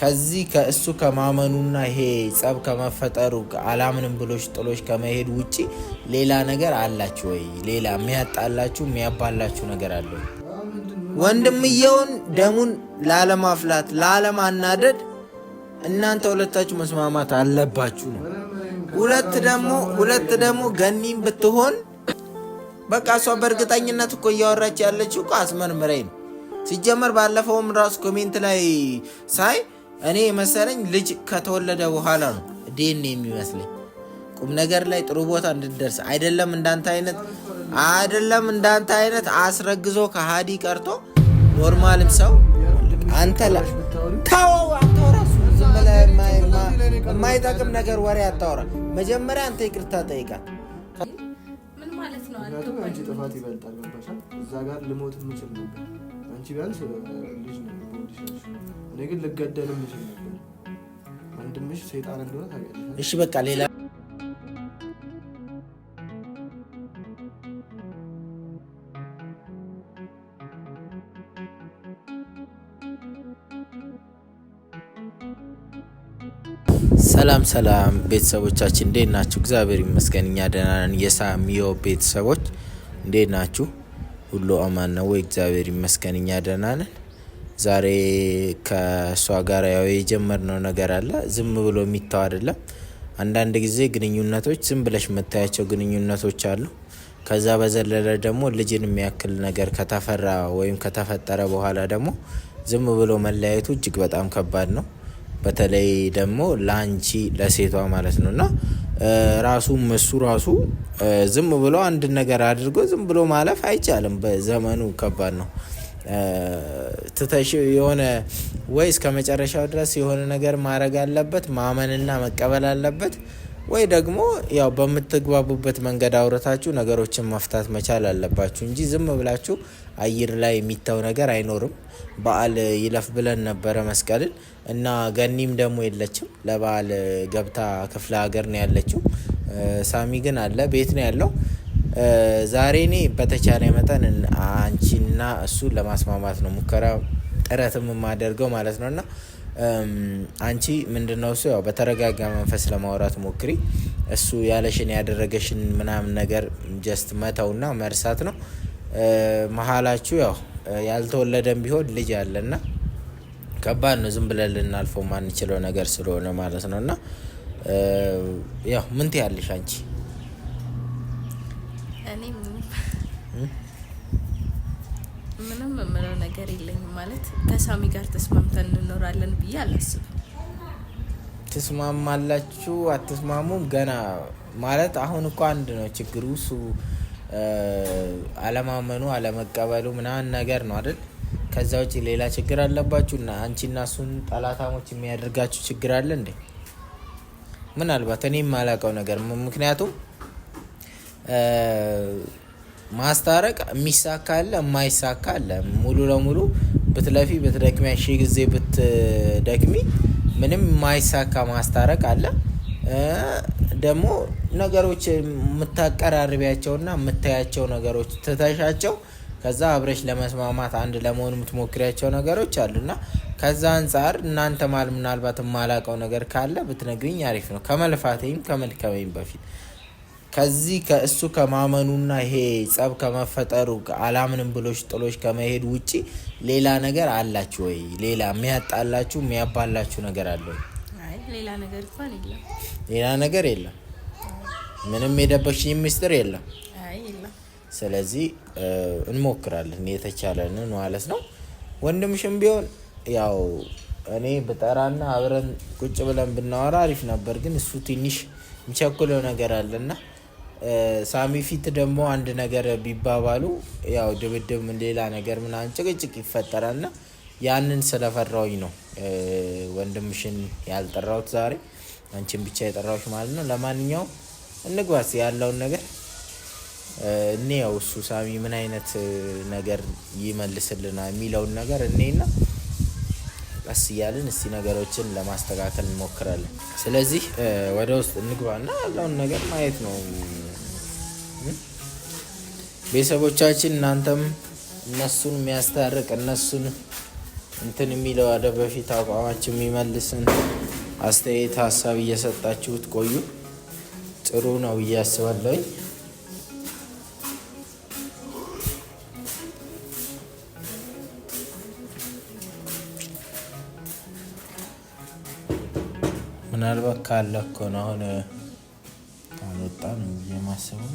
ከዚህ ከእሱ ከማመኑና ይሄ ጸብ ከመፈጠሩ አላምንም ብሎች ጥሎች ከመሄድ ውጪ ሌላ ነገር አላችሁ ወይ? ሌላ የሚያጣላችሁ የሚያባላችሁ ነገር አለ? ወንድምየውን ደሙን ላለማፍላት ላለማናደድ እናንተ ሁለታችሁ መስማማት አለባችሁ ነው። ሁለት ደግሞ ሁለት ደግሞ ገኒም ብትሆን በቃ እሷ በእርግጠኝነት እኮ እያወራች ያለችው እኮ አስመርምረኝ ነው። ሲጀመር ባለፈውም ራሱ ኮሜንት ላይ ሳይ እኔ መሰለኝ ልጅ ከተወለደ በኋላ ነው ዴን የሚመስለኝ። ቁም ነገር ላይ ጥሩ ቦታ እንድደርስ አይደለም እንዳንተ አይነት አይደለም እንዳንተ አይነት አስረግዞ ከሃዲ ቀርቶ ኖርማልም ሰው አንተ ተወው፣ የማይጠቅም ነገር ወሬ አታወራ። መጀመሪያ አንተ ይቅርታ ጠይቃት። ምክንያቱም አንቺ ጥፋት ይበልጣል። ገባሻል? እዛ ጋር ልሞት የምችል ነበር። አንቺ ቢያንስ ልጅ ነው እኔ ግን ልገደልም እችል ነበር። ወንድምሽ ሰይጣን እንደሆነ ታውቂያለሽ። እሺ በቃ ሌላ ሰላም ሰላም ቤተሰቦቻችን እንዴት ናችሁ? እግዚአብሔር ይመስገን እኛ ደህና ነን። የሳሚዮ ቤተሰቦች እንዴት ናችሁ? ሁሉ አማን ነው ወይ? እግዚአብሔር ይመስገን እኛ ደህና ነን። ዛሬ ከእሷ ጋር ያው የጀመርነው ነገር አለ። ዝም ብሎ የሚታው አይደለም። አንዳንድ ጊዜ ግንኙነቶች ዝም ብለሽ የምታያቸው ግንኙነቶች አሉ። ከዛ በዘለለ ደግሞ ልጅን የሚያክል ነገር ከተፈራ ወይም ከተፈጠረ በኋላ ደግሞ ዝም ብሎ መለያየቱ እጅግ በጣም ከባድ ነው። በተለይ ደግሞ ለአንቺ ለሴቷ ማለት ነው እና ራሱ እሱ ራሱ ዝም ብሎ አንድ ነገር አድርጎ ዝም ብሎ ማለፍ አይቻልም። በዘመኑ ከባድ ነው። ትተሽ የሆነ ወይ እስከ መጨረሻው ድረስ የሆነ ነገር ማድረግ አለበት ማመንና መቀበል አለበት ወይ ደግሞ ያው በምትግባቡበት መንገድ አውረታችሁ ነገሮችን መፍታት መቻል አለባችሁ እንጂ ዝም ብላችሁ አየር ላይ የሚተው ነገር አይኖርም። በዓል ይለፍ ብለን ነበረ መስቀልን እና ገኒም ደግሞ የለችም። ለበዓል ገብታ ክፍለ ሀገር ነው ያለችው። ሳሚ ግን አለ ቤት ነው ያለው። ዛሬ እኔ በተቻለ መጠን አንቺና እሱን ለማስማማት ነው ሙከራ ጥረትም የማደርገው ማለት ነው እና አንቺ ምንድነው እሱ ያው በተረጋጋ መንፈስ ለማውራት ሞክሪ። እሱ ያለሽን ያደረገሽን ምናምን ነገር ጀስት መተውና መርሳት ነው። መሀላችሁ ያው ያልተወለደም ቢሆን ልጅ አለና ከባድ ነው። ዝም ብለን ልናልፈው ማንችለው ነገር ስለሆነ ማለት ነው እና ያው ምንት ትያለሽ አንቺ? እኔ ምንም የምለው ነገር የለኝም። ማለት ከሳሚ ጋር ተስማምተን እንኖራለን ብዬ አላስብም። ትስማማላችሁ አትስማሙም? ገና ማለት አሁን እኮ አንድ ነው ችግሩ። እሱ አለማመኑ አለመቀበሉ ምናምን ነገር ነው አይደል? ከዛ ውጭ ሌላ ችግር አለባችሁ እና አንቺና እሱን ጠላታሞች የሚያደርጋችሁ ችግር አለ እንዴ? ምናልባት እኔ የማላውቀው ነገር ምክንያቱም ማስታረቅ የሚሳካ አለ፣ የማይሳካ አለ። ሙሉ ለሙሉ ብትለፊ ብትደክሚ፣ ሺ ጊዜ ብትደክሚ ምንም የማይሳካ ማስታረቅ አለ። ደግሞ ነገሮች የምታቀራርቢያቸውና የምታያቸው ነገሮች ትተሻቸው ከዛ አብረሽ ለመስማማት አንድ ለመሆን የምትሞክሪያቸው ነገሮች አሉና ከዛ አንጻር እናንተ ማል ምናልባት የማላቀው ነገር ካለ ብትነግሪኝ አሪፍ ነው፣ ከመልፋቴም ከመድከበይም በፊት ከዚህ ከእሱ ከማመኑና ይሄ ጸብ ከመፈጠሩ አላምንም ብሎች ጥሎች ከመሄድ ውጪ ሌላ ነገር አላችሁ ወይ? ሌላ የሚያጣላችሁ የሚያባላችሁ ነገር አለ? ሌላ ነገር የለም። ሌላ ነገር የለም። ምንም የደበሽኝ ሚስጥር የለም። ስለዚህ እንሞክራለን የተቻለንን ማለት ነው። ወንድምሽም ቢሆን ያው እኔ ብጠራና አብረን ቁጭ ብለን ብናወራ አሪፍ ነበር፣ ግን እሱ ትንሽ የሚቸኩለው ነገር አለና ሳሚ ፊት ደግሞ አንድ ነገር ቢባባሉ ያው ድብድብ፣ ሌላ ነገር ምናምን ጭቅጭቅ ይፈጠራል እና ያንን ስለፈራውኝ ነው ወንድምሽን ያልጠራሁት ዛሬ አንቺን ብቻ የጠራዎች ማለት ነው። ለማንኛውም እንግባስ ያለውን ነገር እኔ ያው እሱ ሳሚ ምን አይነት ነገር ይመልስልና የሚለውን ነገር እኔና ቀስ እያልን እስቲ ነገሮችን ለማስተካከል እንሞክራለን። ስለዚህ ወደ ውስጥ እንግባና ያለውን ነገር ማየት ነው። ቤተሰቦቻችን እናንተም እነሱን የሚያስታርቅ እነሱን እንትን የሚለው ወደ በፊት አቋማችን የሚመልስን አስተያየት ሀሳብ እየሰጣችሁት ቆዩ። ጥሩ ነው ብዬ አስባለሁኝ። ምናልባት ካለ እኮ ነው አሁን ካልወጣ ነው ብዬ ማስበው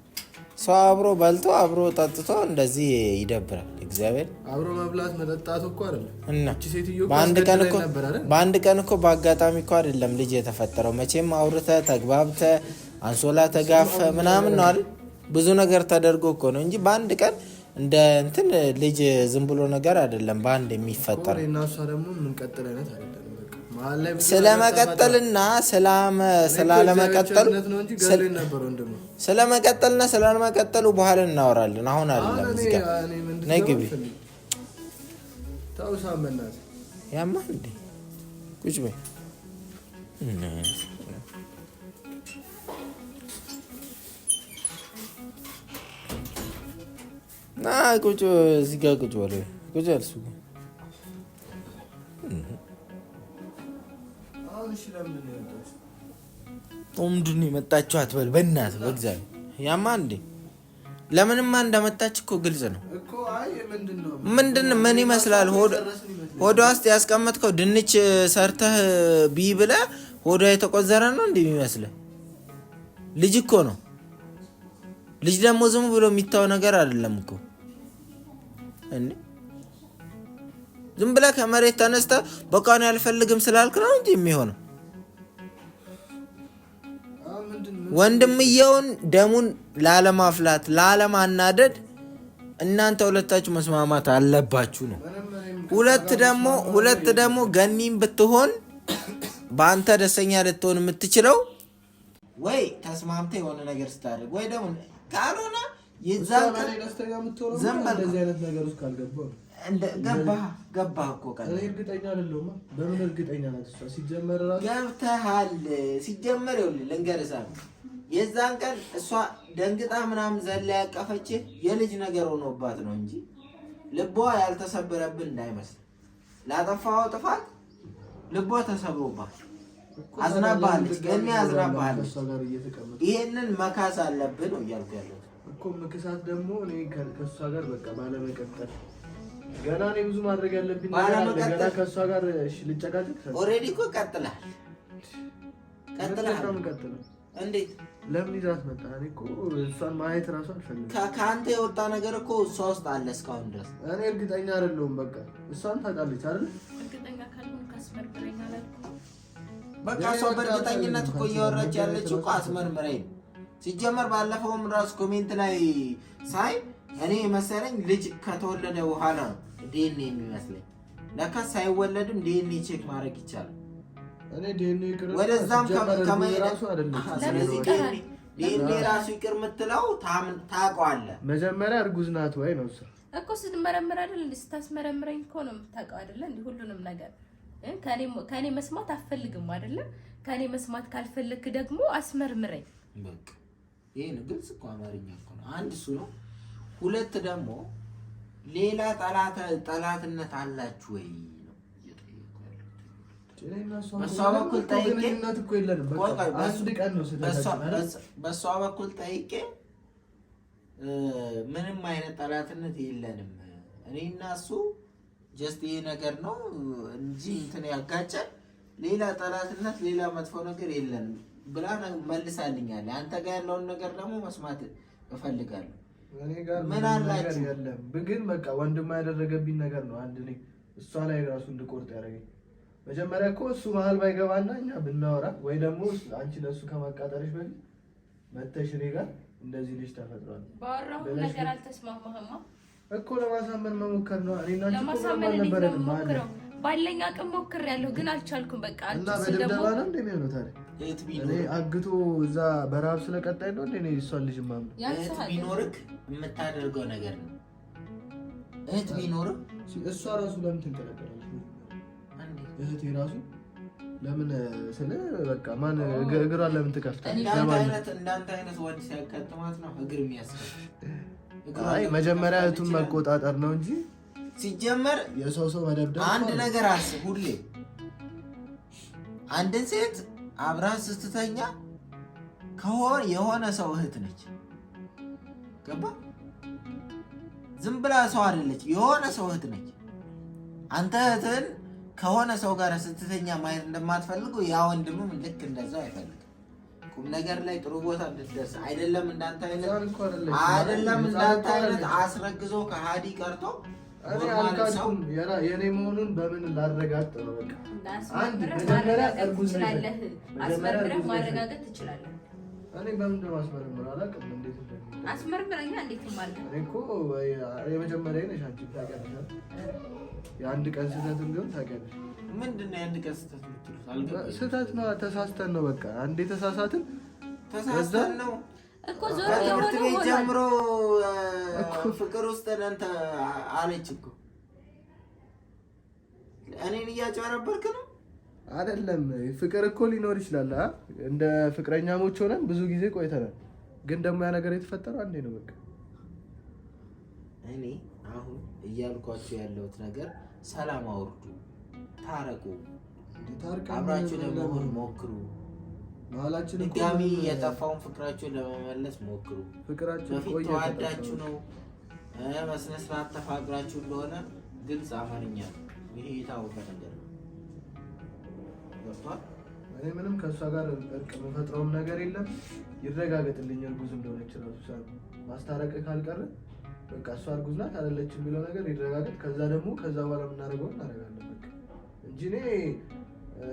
ሰው አብሮ በልቶ አብሮ ጠጥቶ እንደዚህ ይደብራል። እግዚአብሔር አብሮ መብላት መጠጣት እኮ በአንድ ቀን እኮ በአጋጣሚ እኮ አይደለም ልጅ የተፈጠረው። መቼም አውርተ ተግባብተ አንሶላ ተጋፈ ምናምን ነው አይደል? ብዙ ነገር ተደርጎ እኮ ነው እንጂ በአንድ ቀን እንደ እንትን ልጅ ዝም ብሎ ነገር አይደለም በአንድ የሚፈጠር እና እሷ ደግሞ የምንቀጥል አይነት አይደለም ስለመቀጠልና ስላለመቀጠል ስለመቀጠልና ስላለመቀጠሉ በኋላ እናወራለን። አሁን አይደለም። እዚህ ጋር ነይ ግቢ። ያማ እንዴ ቁጭ በይ። ና ቁጭ፣ እዚህ ጋር ቁጭ በለው። ቁጭ ያልሱ ምንድን ነው የመጣችው? አትበል በእናትህ በእግዚአብሔር ያማ እንዴ! ለምንማ እንደመጣች እኮ ግልጽ ነው። ምንድን ምን ይመስላል? ሆዷ ውስጥ ያስቀመጥከው ድንች ሰርተህ ቢ ብለህ ሆዷ የተቆዘረ ነው እንደ የሚመስልህ ልጅ እኮ ነው። ልጅ ደግሞ ዝም ብሎ የሚታው ነገር አይደለም እኮ ዝም ብለህ ከመሬት ተነስተህ በቃ ነው ያልፈልግም ስላልክ ነው እንጂ የሚሆነው ወንድምየውን ደሙን ላለማፍላት ላለማናደድ እናንተ ሁለታችሁ መስማማት አለባችሁ ነው። ሁለት ደግሞ ሁለት ደግሞ ገኒም ብትሆን በአንተ ደስተኛ ልትሆን የምትችለው ወይ ተስማምተ የሆነ ነገር ስታደርግ ወይ ደግሞ ካልሆነ ገባህ እኮ ገብተሃል። ሲጀመር ልንገርህ የዛን ቀን እሷ ደንግጣ ምናምን ዘላ ያቀፈች የልጅ ነገር ሆኖባት ነው እንጂ ልቧ ያልተሰበረብን እንዳይመስል። ላጠፋው ጥፋት ልቧ ተሰብሮባት አዝናባለች፣ ገኔ አዝናባለች። ይሄንን መካስ አለብን ነው እያልኩ ያለሁት እኮ። መክሳት ደግሞ እኔ ከእሷ ጋር በቃ ባለመቀጠል ገና እኔ ብዙ ማድረግ ያለብኝ ገና ከእሷ ጋር ልጨቃጭቅ ኦልሬዲ እኮ ቀጥላል፣ ቀጥላል እንዴት ለምን ይዛት መጣ? እኔ እኮ እሷን ማየት እራሱ አልፈልግም። ከአንተ የወጣ ነገር እኮ እሷ ውስጥ አለ እስካሁን ድረስ። እኔ እርግጠኛ አይደለሁም። በቃ እሷን ታውቃለች አይደል? በቃ እሷ በእርግጠኝነት እኮ እያወራች ያለችው እኮ አስመርምረኝ። ሲጀመር ባለፈውም ራሱ ኮሜንት ላይ ሳይ እኔ መሰለኝ ልጅ ከተወለደ በኋላ ዲኤንኤ የሚመስለኝ ለካ ሳይወለድም ዲኤንኤ ቼክ ማድረግ ይቻላል። ወደዛም ከመሄድ ራሱ ይቅር የምትለው ታውቀዋለህ። መጀመሪያ እርጉዝ ናት ወይ ነው እኮ ስትመረምር አይደል? እንደ ስታስመረምረኝ እኮ ነው የምታውቀው አይደለ? እንደ ሁሉንም ነገር ከኔ መስማት አትፈልግም አይደለም? ከኔ መስማት ካልፈለክ ደግሞ አስመርምረኝ። በቃ ይሄ ነው ግልጽ እኮ አማርኛ እኮ ነው። አንድ እሱ ነው። ሁለት ደግሞ ሌላ ጠላትነት አላችሁ ወይ በእሷ በኩል ጠይቄ ምንም አይነት ጠላትነት የለንም። እኔ እና እሱ ጀስት ይሄ ነገር ነው እንጂ እንትን ያጋጨን ሌላ ጠላትነት፣ ሌላ መጥፎ ነገር የለንም ብላ መልሳልኛል። አንተ ጋር ያለውን ነገር ደግሞ መስማት እፈልጋለሁ። ምን አላችሁ? ግን በቃ ወንድማ ያደረገብኝ ነገር ነው አንድ እኔ እሷ ላይ ራሱ እንድቆርጥ ያደረገኝ መጀመሪያ እኮ እሱ መሀል ባይገባና እኛ ብናወራ ወይ ደግሞ አንቺ ለእሱ ከማቃጠልሽ በፊት መተሽ እኔ ጋር እንደዚህ ልጅ ተፈጥሯል ነገር አልተስማማህማ እኮ ለማሳመን መሞከር ነው። እኔና ለማሳመን እንዴት ነው ባለኝ አቅም ግን አልቻልኩም። በቃ እና በድብደባ ነው ታዲያ አግቶ እዛ በረሀብ ስለቀጣይ ነው እንደ እሷን ልጅ የማምነው እህት የምታደርገው ነገር ነው። እህት እሷ ራሱ ለምን ትንቀለቀለ እህቴ ራሱ ለምን ስለ በቃ ማን እግሯን ለምን ትከፍታለች? እንዳንተ አይነት ወንድ ሲያጋጥማት ነው እግር አይ መጀመሪያ እህቱን መቆጣጠር ነው እንጂ ሲጀመር የሰው ሰው መደብደብ። አንድ ነገር አስ ሁሌ አንድን ሴት አብረህ ስትተኛ ከሆነ የሆነ ሰው እህት ነች። ገባ? ዝም ብላ ሰው አይደለች፣ የሆነ ሰው እህት ነች። አንተ እህትን ከሆነ ሰው ጋር ስትተኛ ማየት እንደማትፈልጉ ያ ወንድምም ልክ እንደዛው አይፈልግም። ቁም ነገር ላይ ጥሩ ቦታ እንድትደርስ አይደለም እንዳንተ አይነት አይደለም እንዳንተ አይነት አስረግዞ ከሃዲ ቀርቶ የኔ መሆኑን በምን ላረጋግጥ ነው? አንድ መጀመሪያ እርጉዝ ነኝ አስመርምረህ ማረጋገጥ ትችላለህ። እኔ በምን እንደማስመረምር አላውቅም። እንዴት አስመርምረኛ እንዴት ማለት እኮ የመጀመሪያ ነሽ አንቺ ታውቂያለሽ። የአንድ ቀን ስህተትም ቢሆን ታውቂያለሽ። ምንድን ነው የአንድ ቀን ስህተት የምትሉት? ስህተት ነው፣ ተሳስተን ነው በቃ አንዴ ተሳሳትን። ተሳስተን ነው እኮ ዞሮ ትምህርት ቤት ጀምሮ ፍቅር ውስጥ እናንተ አለች እኮ እኔን እያጨረበርክ ነው አይደለም። ፍቅር እኮ ሊኖር ይችላል። እንደ ፍቅረኛሞች ሆነን ብዙ ጊዜ ቆይተናል፣ ግን ደግሞ ያ ነገር የተፈጠረው አንዴ ነው በቃ እኔ አሁን እያልኳቸው ያለሁት ነገር ሰላም አውርዱ፣ ታረቁ፣ አብራችሁ ለመሆን ሞክሩ። ድጋሚ የጠፋውን ፍቅራችሁን ለመመለስ ሞክሩ። በፊት ተዋዳችሁ ነው በስነ ስርዓት ተፋቅራችሁ እንደሆነ ግልጽ አማርኛ ነው። ይሄ የታወቀ ነገር ነው። ገብቷል። እኔ ምንም ከእሷ ጋር እርቅ የምፈጥረውም ነገር የለም። ይረጋገጥልኝ እርጉዝ እንደሆነ ይችላል ማስታረቅ ካልቀረ በቃ እሷ እርጉዝ ናት አይደለችም የሚለው ነገር ይረጋገጥ። ከዛ ደግሞ ከዛ በኋላ የምናደርገውን እናደርጋለን በቃ እንጂ እኔ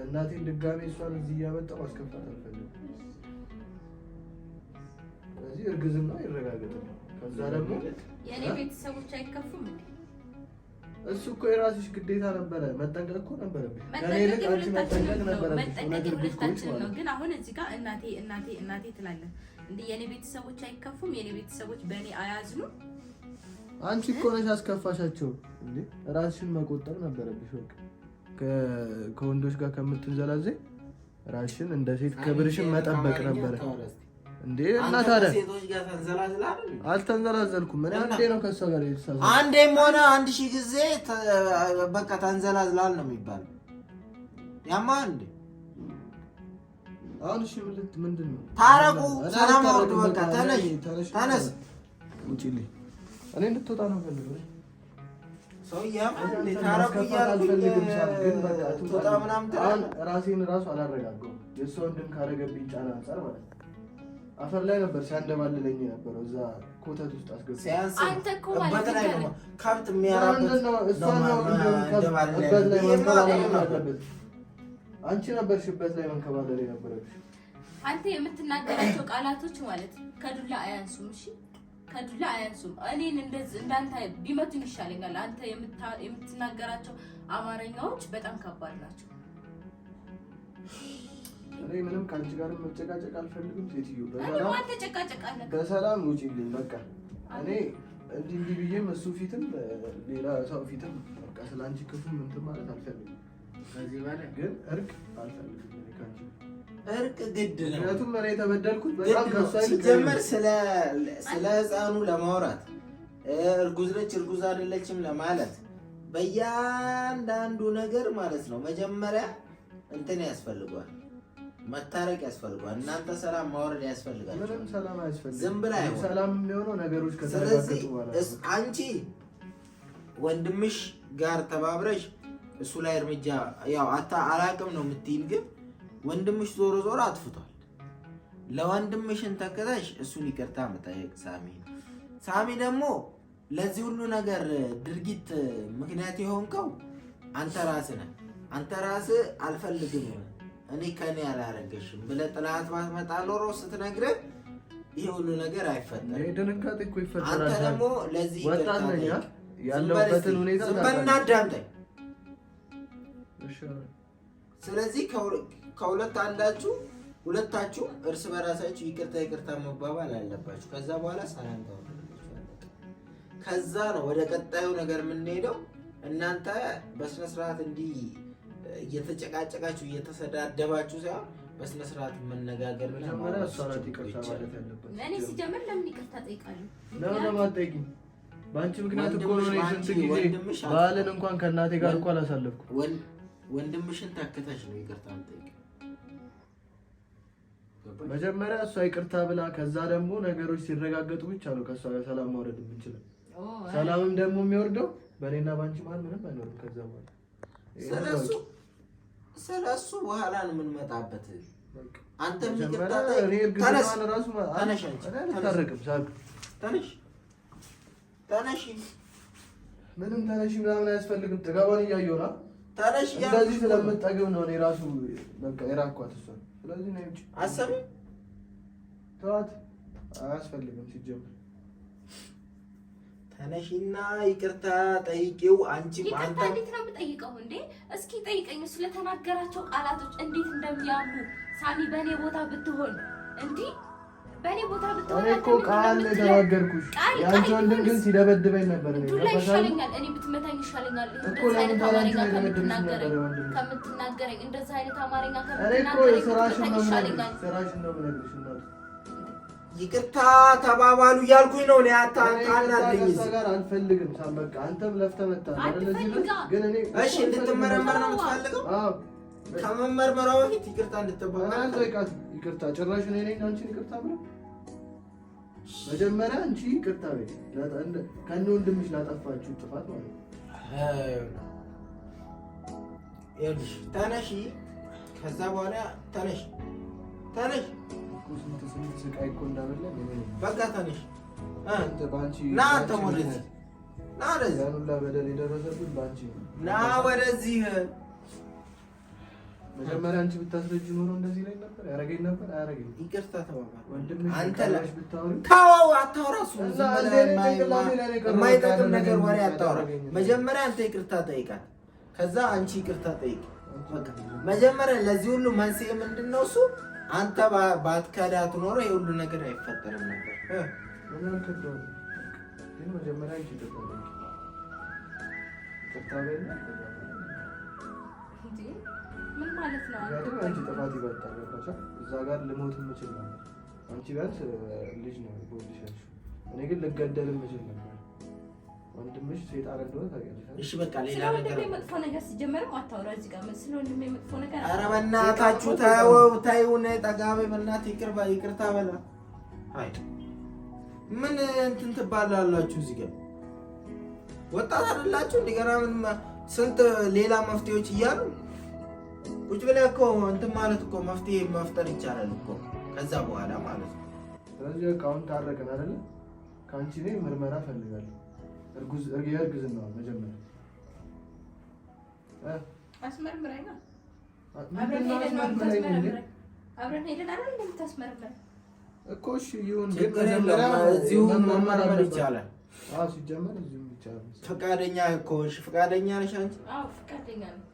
እናቴን ድጋሚ እሷን እዚህ እያመጣሁ ማስከፋት አልፈልግም። ስለዚህ እርግዝና ይረጋገጥ። ከዛ ደግሞ የእኔ ቤተሰቦች አይከፉም። እሱ እኮ የራስሽ ግዴታ ነበረ፣ መጠንቀቅ እኮ ነበረብኝ። ግን አሁን እዚህ ጋር እናቴ እናቴ እናቴ ትላለህ እንደ የእኔ ቤተሰቦች አይከፉም፣ የእኔ ቤተሰቦች በእኔ አያዝኑም አንቺ እኮ ነሽ አስከፋሻቸው። እንዴ ራስሽን መቆጠብ ነበረብሽ። በቃ ከወንዶች ጋር ከምትንዘላዘይ ራስሽን እንደ ሴት ክብርሽን መጠበቅ ነበረ። እንዴ እና ታዲያ አልተንዘላዘልኩም። ምን አንዴ ነው ከእሷ ጋር የተሳሰ አንዴም ሆነ አንድ ሺህ ጊዜ በቃ ተንዘላዝላል ነው የሚባል ያማ እንዴ አሁን እሺ ብልት ምንድን ነው? ታረቁ፣ ሰላም አውርድ፣ በቃ ተነስ፣ ተነስ ውጪልኝ እኔ እንድትወጣ ነው ፈልገው አሁን ራሴን ራሱ አላረጋገው የእሷ ወንድም ካረገብኝ ጫና አንጻር ማለት ነው። አፈር ላይ ነበር ሲያንደባልለኝ የነበረው እዛ ኮተት ውስጥ አስገብቶ አንቺ ነበርሽ ላይ መንከባለል የነበረብሽ። አንተ የምትናገራቸው ቃላቶች ማለት ከዱላ አያንሱም። እሺ ከዱላ አያንሱም። እኔን እንደዚህ እንዳንተ ቢመቱኝ ይሻለኛል። አንተ የምትናገራቸው አማርኛዎች በጣም ከባድ ናቸው። እኔ ምንም ከአንቺ ጋር መጨቃጨቅ አልፈልግም ሴትዮ። በሰላም ውጪልኝ በቃ። እኔ እንዲህ እንዲህ ብዬም እሱ ፊትም ሌላ ሰው ፊትም በቃ ስለ አንቺ ክፉ ምንትን ማለት አልፈልግም። ከዚህ በላይ ግን እርቅ አልፈልግም። እርቅ ግድ ነው። ምክንያቱም የተበደልኩት ሲጀመር ስለ ለማውራት እርጉዝ ነች እርጉዝ አይደለችም ለማለት በእያንዳንዱ ነገር ማለት ነው መጀመሪያ እንትን ያስፈልጓል፣ መታረቅ ያስፈልጓል። እናንተ ሰላም ማውረድ ያስፈልጋል። ዝም ብላ ስለዚህ አንቺ ወንድምሽ ጋር ተባብረሽ እሱ ላይ እርምጃ ያው አታ አላቅም ነው የምትይል፣ ግን ወንድምሽ ዞሮ ዞሮ አጥፍቷል። ለወንድምሽን ተከታሽ እሱን ይቅርታ መጠየቅ ሳሚ ሳሚ ደግሞ ለዚህ ሁሉ ነገር ድርጊት ምክንያት የሆንከው አንተ ራስ ነህ። አንተ ራስ አልፈልግም እኔ ከኔ አላረገሽም ብለህ ጥላት ባትመጣ ኖሮ ስትነግረን ይህ ሁሉ ነገር አይፈጠርም። ድንጋጤ እኮ ይፈጠራል። አንተ ደግሞ ለዚህ ያለበትን ሁኔታ ዝም በልና አዳምጠኝ ስለዚህ ከሁለት አንዳችሁ ሁለታችሁ እርስ በራሳችሁ ይቅርታ ይቅርታ መባባል አለባችሁ። ከዛ በኋላ ሰላምታ ከዛ ነው ወደ ቀጣዩ ነገር የምንሄደው። እናንተ በስነስርዓት እንዲህ እየተጨቃጨቃችሁ እየተሰዳደባችሁ ሳይሆን በስነስርዓት መነጋገር መጀመሪያ ማለት ያለበት ምክንያት እኮ ጊዜ በዓልን እንኳን ከእናቴ ጋር እኮ አላሳለፍኩም። ወንድምሽን ታከታሽ ነው ይቅርታ የምጠይቀው። መጀመሪያ እሷ ይቅርታ ብላ ከዛ ደግሞ ነገሮች ሲረጋገጡ ብቻ ነው ከእሷ ጋር ሰላም ማውረድ የምንችለው። ሰላምም ደግሞ የሚወርደው በእኔና በአንቺ መሀል ምንም አይኖርም። ከዛ በኋላ ስለ እሱ በኋላ ነው የምንመጣበት። አንተም ይቅርታ ተነሽ ተነሽ፣ ምንም ተነሽ ምናምን አያስፈልግም። ጥጋቧን እያየሁ ነው እንደዚህ ስለምጠግብ ነው የራሱ በቃ የራኳት እሷን። ስለዚህ ነው እንጂ አሰብም ተዋት፣ አያስፈልግም ሲጀምር ተነሽና ይቅርታ ጠይቄው። አንቺ ይቅርታ እንዴት ነው የምጠይቀው እንዴ? እስኪ ጠይቀኝ ስለተናገራቸው ቃላቶች እንዴት እንደሚያምኑ ሳሚ፣ በእኔ ቦታ ብትሆን እንዲህ በእኔ ቦታ ብትሆን እኔ እኮ ቃል ተናገርኩሽ። የአንቺ ወንድም ግን ሲደበድበኝ ነበር። ይቅርታ ተባባሉ እያልኩኝ ነው። እኔ አታናደኝ ጋር አንፈልግም። በቃ አንተም ለፍተህ መጣህ ግን እኔ እሺ እንድትመረመር ነው የምትፈልገው። ከመመርመሯ በፊት ይቅርታ እንድትባል ይቅርታ ጭራሽ እኔ ነኝ አንቺን ይቅርታ ብለው መጀመሪያ አንቺ ይቅርታ በይ ከእነ ወንድምሽ ላጠፋችሁ ጥፋት ማለት ነው። ይኸውልሽ ተነሺ፣ ከዛ በኋላ ተነሺ ተነሺ። ስንት ስንት ስቃይ እኮ እንዳበላን በቃ ተነሺ። ና ተሞለች ና ወደዚህ ያን ሁላ በደል የደረሰብን በአንቺ ና ወደዚህ መጀመሪያ አንቺ ብታስረጅ ኖሮ እንደዚህ ላይ ነበር ያረገኝ ነበር አያረገኝ። ይቅርታ ተባባል አንተ ላሽ ብታወሪ ታዋው አታውራ። እሱ የማይጠቅም ነገር ወሬ አታወራ። መጀመሪያ አንተ ይቅርታ ጠይቃል፣ ከዛ አንቺ ይቅርታ ጠይቅ። መጀመሪያ ለዚህ ሁሉ መንስኤ ምንድን ነው? እሱ አንተ ባትከዳት ኖሮ ይሄ ሁሉ ነገር አይፈጠርም ነበር። መጀመሪያ አንቺ ይቅርታ ምን ማለት ነው? አንቺ ጥፋት ይበልጣል። እዛ ጋር ልሞት የምችል ነበር። አንቺ ቢያንስ ልጅ ነው እኔ ግን ልገደል የምችል ነበር። ወንድምሽ ሴጣን እንደሆነ ታውቂያለሽ። እሺ በቃ ሌላ ነገር መጥፎ ነገር ሲጀመርም አታውራ እዚህ ጋር ነገር። ኧረ በእናታችሁ ተው፣ ተይውን፣ ይቅርታ በላ። አይ ምን እንትን ትባላላችሁ እዚህ ጋር ወጣት አይደላችሁ? እንደገና ምን ስንት ሌላ መፍትሄዎች እያሉ ቁጭ ብለህ እኮ እንትን ማለት እኮ መፍትሄ መፍጠር ይቻላል እኮ ከዛ በኋላ ማለት ነው። ስለዚህ በቃ አሁን ታረቅን አይደለ? ከአንቺ እኔ ምርመራ ፈልጋለሁ። የእርግዝና ነው መጀመሪያ አስመርምረኝ ነው። አብረን ሄደን አይደል እንደምታስመርምረኝ እኮ እሺ፣ ይሁን ግን መጀመሪያ እዚሁ መመርመር ይቻላል። አዎ ሲጀመር እዚሁ ይቻላል። ፈቃደኛ እኮ እሺ ፈቃደኛ ነሽ አንቺ? አዎ ፈቃደኛ ነኝ።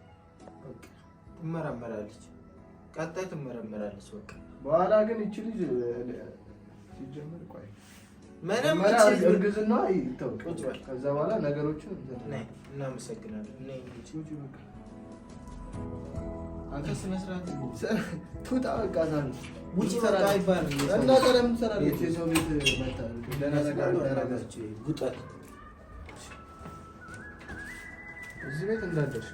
ትመረመራለች፣ ቀጣይ ትመረመራለች። በቃ በኋላ ግን እቺ ልጅ ሲጀመር ቆይ ምንም እርግዝና ይታወቅ። ከዛ በኋላ ነገሮችን እናመሰግናለን። አንተ ስነ ስርዓት ቱጣ በቃ ውጭ በቃ አይባልም። እና ቀደም ትሰራለች የሰው ቤት መታ ደህና ነገር እንዳረገች ጉጠት እዚህ ቤት እንዳደርሽ